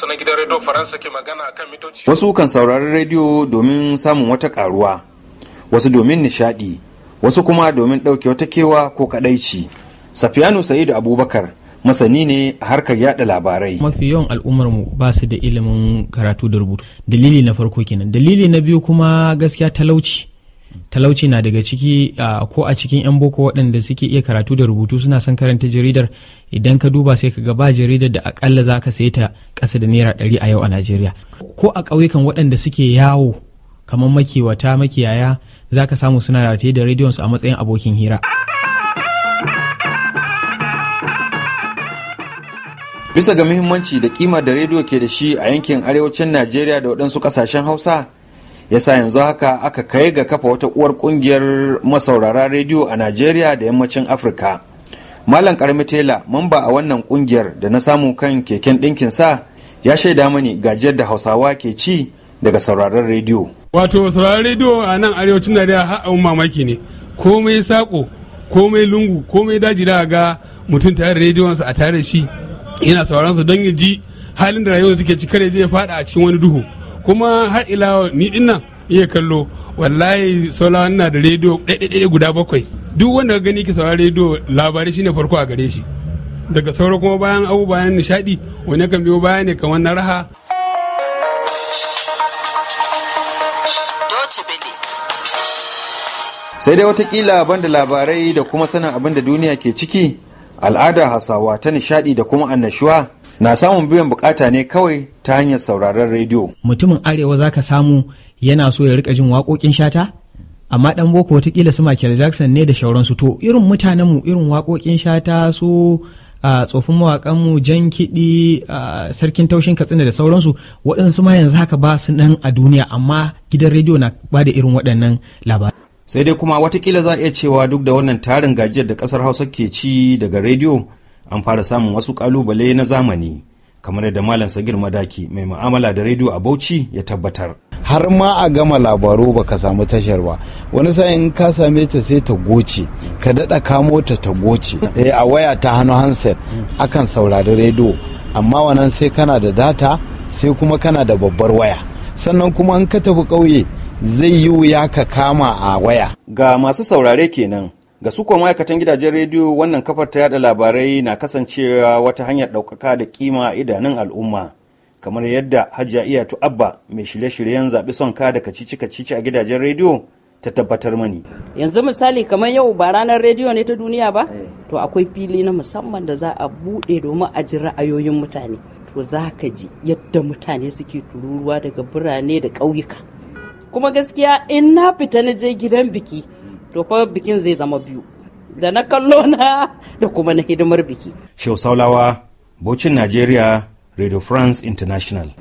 Hausa na gidan rediyo Faransa ke magana akan mitoci. Wasu kan saurari rediyo domin samun wata karuwa, wasu domin nishadi, wasu kuma domin ɗauke wata kewa ko kadaici. Safiyanu Sa'idu Abubakar masani ne a harkar yada labarai. Mafi yawan al'ummar mu ba su da ilimin karatu da rubutu. Dalili na farko kenan. Dalili na biyu kuma gaskiya talauci. talauci na daga ciki ko a cikin 'yan boko waɗanda suke iya karatu da rubutu suna son karanta jaridar idan ka duba sai ka ba jaridar da akalla za ka sayi ta ƙasa da naira ɗari a yau a najeriya ko a ƙauyukan waɗanda suke yawo kamar makiwata makiyaya za ka samu suna rataye da rediyonsu a matsayin abokin hira bisa ga muhimmanci da kima da rediyo ke da shi a yankin arewacin najeriya da waɗansu ƙasashen hausa yasa yanzu haka aka kai ga kafa wata uwar kungiyar masaurara rediyo a najeriya da yammacin afirka malam karmi tela mamba a wannan kungiyar da na samu kan keken ɗinkin sa ya shaida mani gajiyar da hausawa ke ci daga sauraron rediyo wato sauraron rediyo a nan arewacin najeriya har mamaki ne komai sako komai lungu komai daji da ga mutum tare da rediyonsa a tare shi yana sauraron su don ya ji halin da rayuwar take ci kare zai faɗa a cikin wani duhu kuma har ila ni din nan iya kallo wallahi saulawa na da rediyo ɗaiɗaiɗaiɗai guda bakwai duk wanda ka gani ki saurari rediyo labarai shine farko a gare shi daga sauro kuma bayan abu bayan nishaɗi wani kan biyo bayan ne kamar na raha sai dai watakila banda labarai da kuma sanin abin da duniya ke ciki al'ada hasawa ta nishaɗi da kuma annashuwa na samun biyan bukata ne kawai ta hanyar sauraron rediyo mutumin arewa za ka samu yana so ya rika jin waƙoƙin shata amma ɗan boko watakila su Michael Jackson ne da shauransu to irin mutanen mu irin waƙoƙin shata su a tsofin mawakanmu jan kiɗi a sarkin taushin katsina da sauransu waɗansu ma yanzu haka ba su nan a duniya amma gidan rediyo na ba da irin waɗannan labarai sai dai kuma watakila za a iya cewa duk da wannan tarin gajiyar da ƙasar hausa ke ci daga rediyo an fara samun wasu kalubale na zamani kamar yadda malam sagir madaki mai ma'amala da rediyo a bauchi ya tabbatar har ma a gama labaru baka samu tashar ba wani sa'in ka same ta sai ta goce ka daɗa kamo ta ta goce eh, a waya ta hannu hanset akan saurari rediyo amma wannan sai kana da data sai kuma kana da babbar waya sannan kuma in ka tafi ƙauye zai yi wuya ka kama a waya ga masu saurare kenan Ga su kuwa ma'aikatan gidajen rediyo wannan kafar ta yada labarai na kasancewa wata hanyar ɗaukaka da kima idanun al'umma. Kamar yadda Hajiya Iya Abba mai shirye-shiryen zaɓi son ka da kacici-kacici a gidajen rediyo ta tabbatar mani. Yanzu misali kamar yau ba ranar rediyo ne ta duniya ba? Eh. To akwai fili na musamman da za a buɗe domin a ji ra'ayoyin mutane. To za ka ji yadda mutane suke tururuwa daga birane da ƙauyuka. Kuma gaskiya in na fita na je gidan biki to fa bikin zai zama biyu da na kallo na da kuma na hidimar biki. shosaulawa Bocin Najeriya, Radio France International.